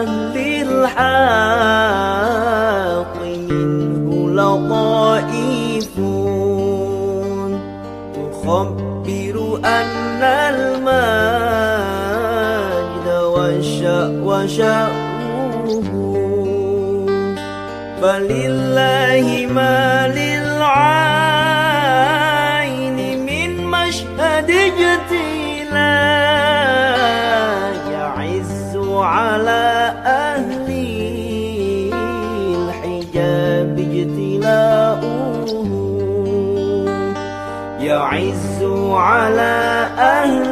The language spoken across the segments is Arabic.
للحاق منه لطائفون تخبر أن المجد وشأوه فلله ما على أهل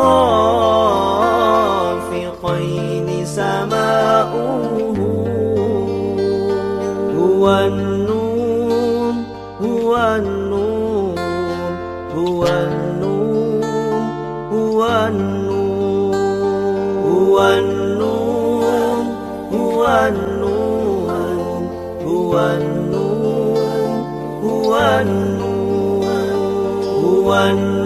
الخافقين سماؤه هو النور هو النور هو النور هو النور هو النور هو النور هو النور هو النور هو النور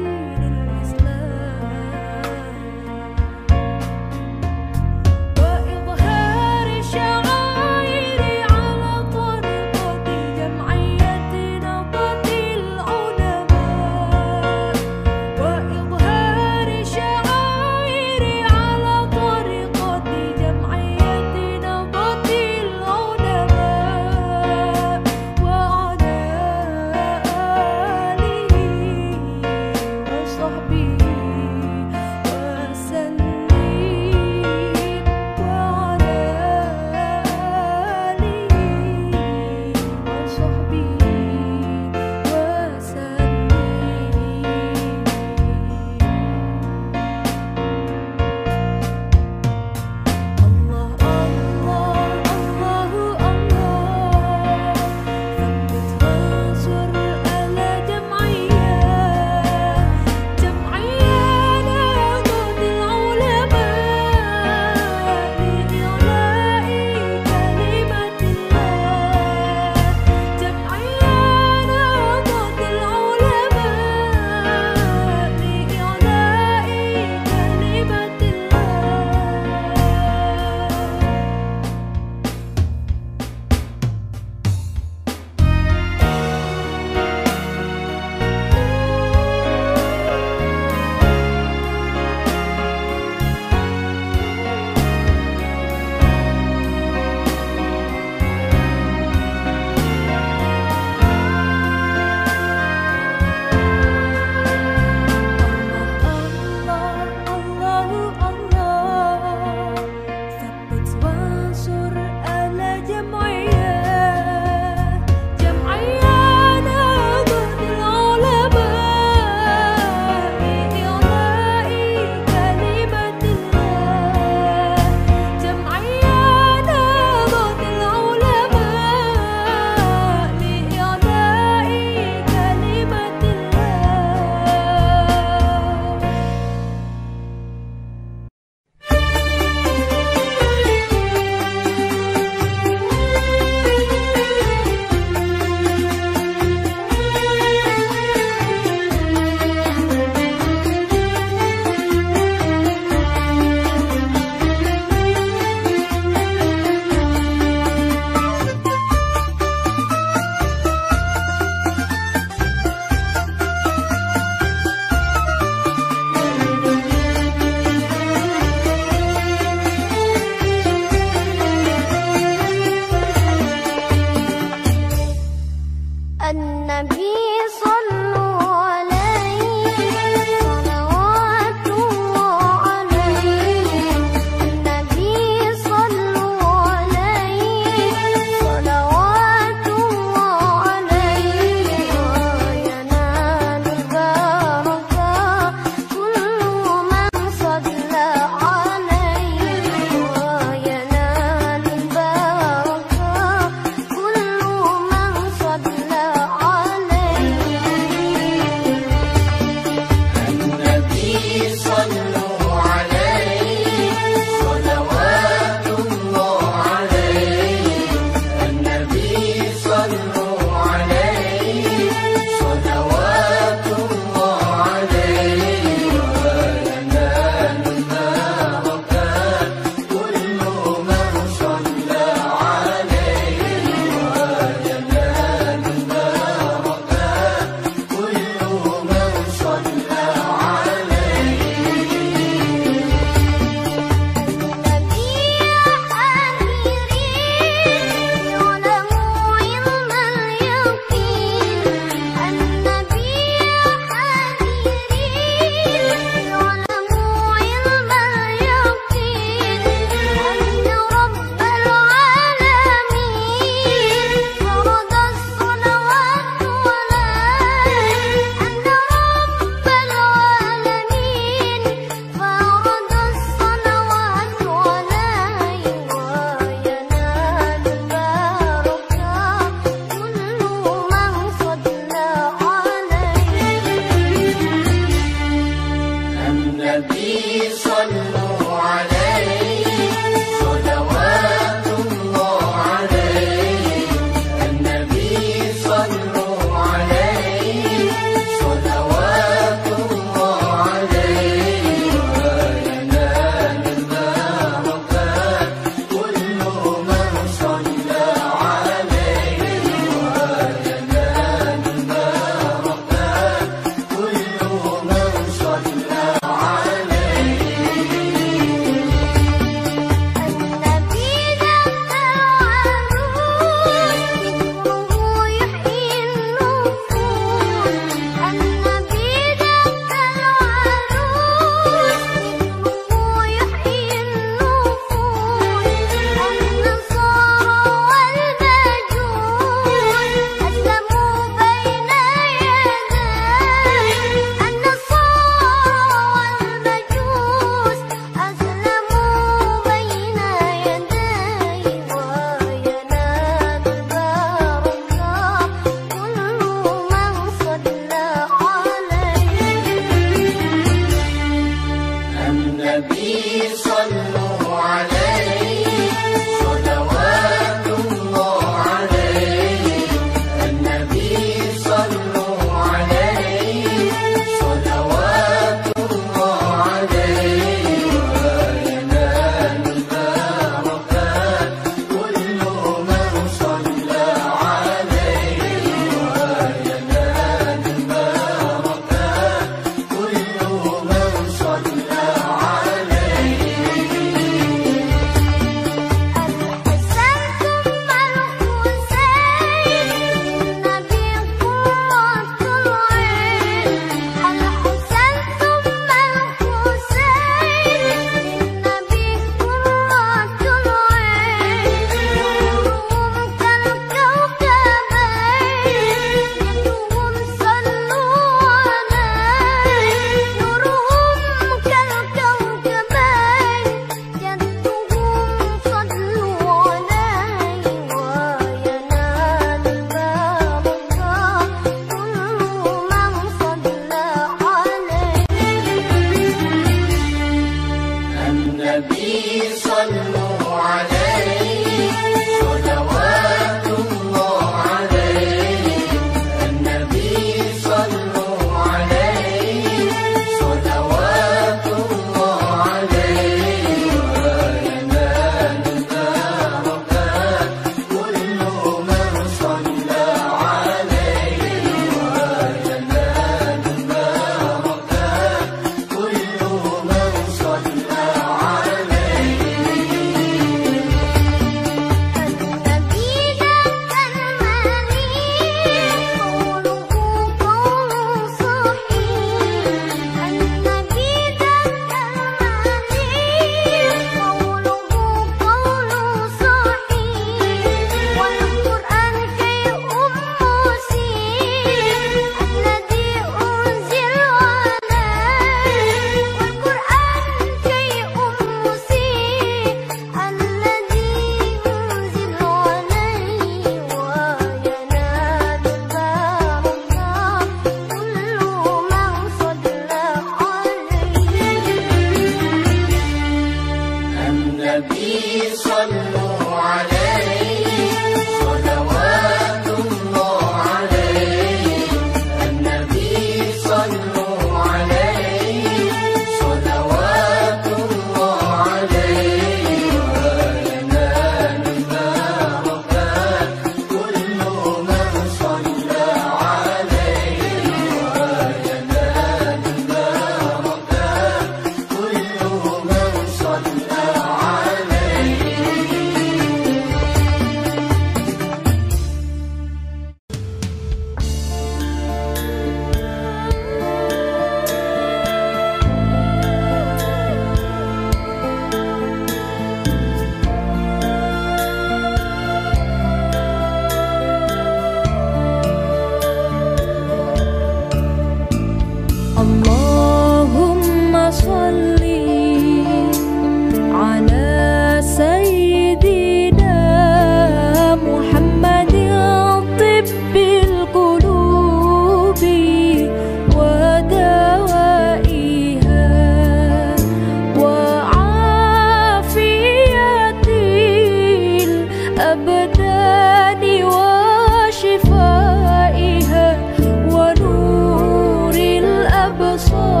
besar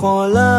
火了。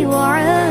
you are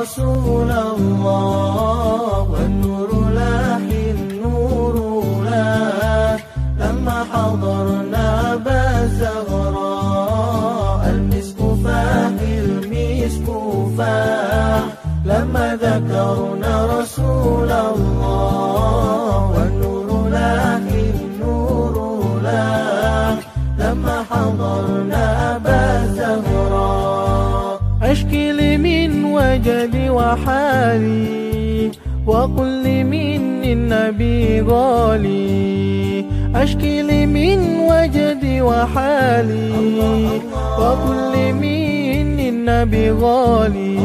رسول الله والنور لاح النور لاح لما حضرنا بزغراء المسك فاح المسك فاح لما ذكرنا وحالي وقل لي من النبي غالي أشكي لي من وجدي وحالي وقل لي من النبي غالي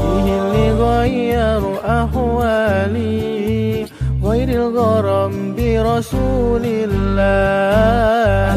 فيه اللي غير أحوالي غير الغرام برسول الله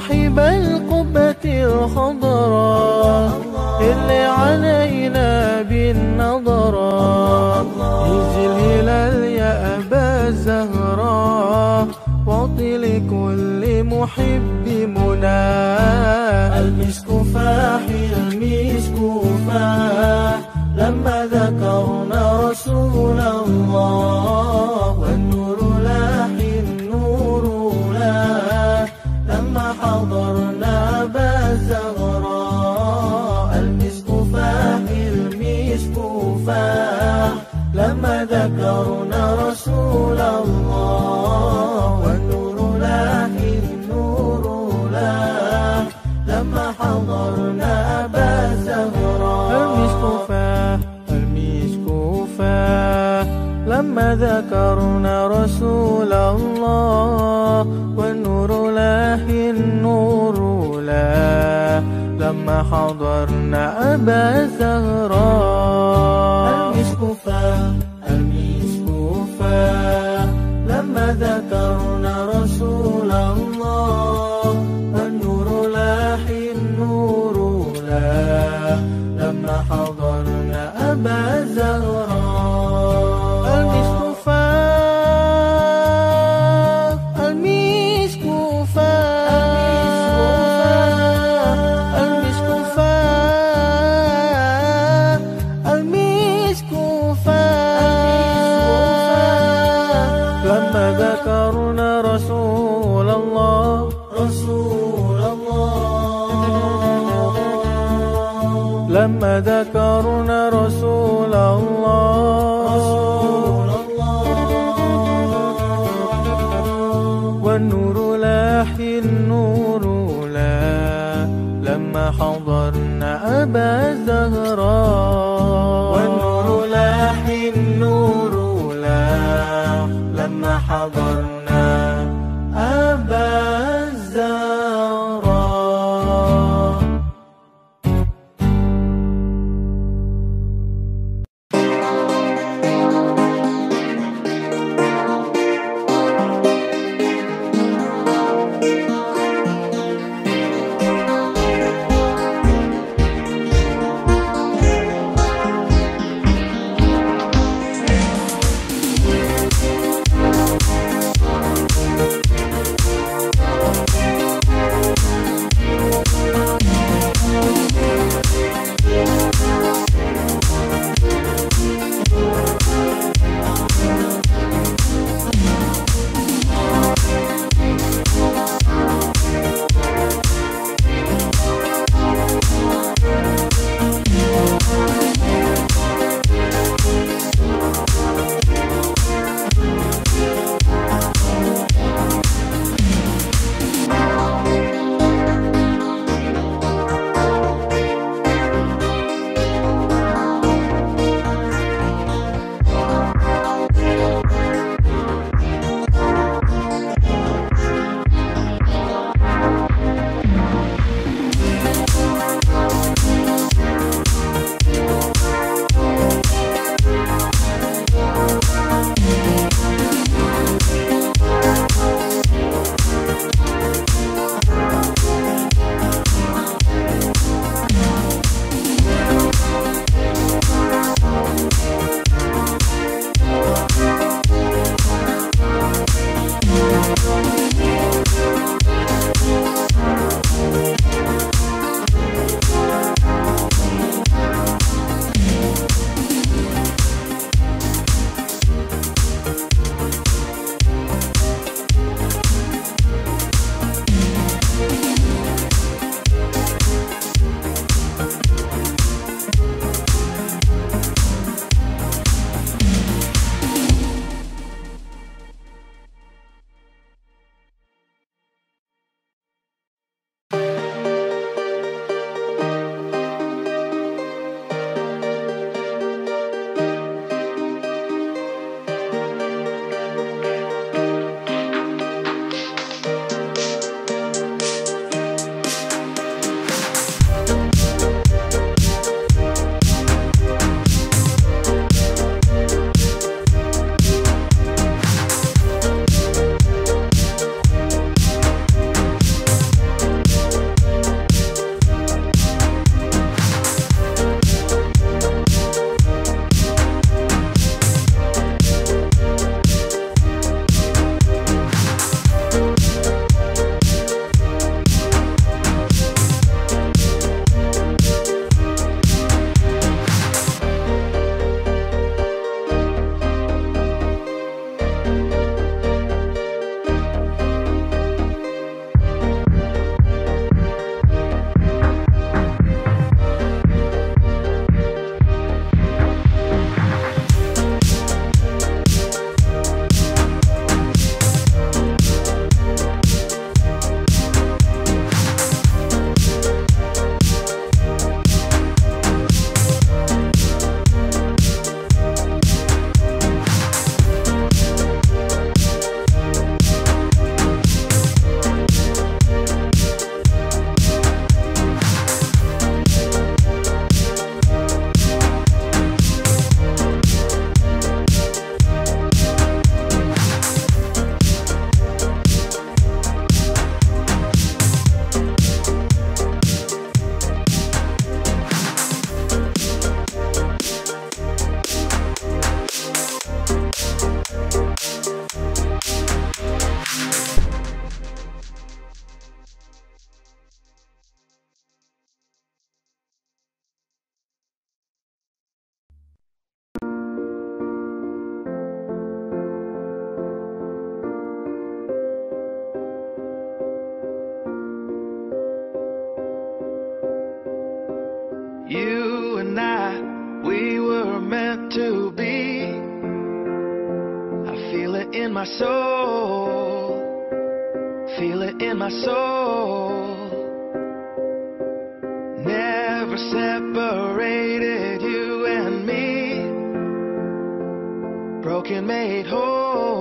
صاحب القبة الخضراء اللي علي ذكرنا رسول الله والنور لاه النور لاه لما حضرنا أبا broken made whole.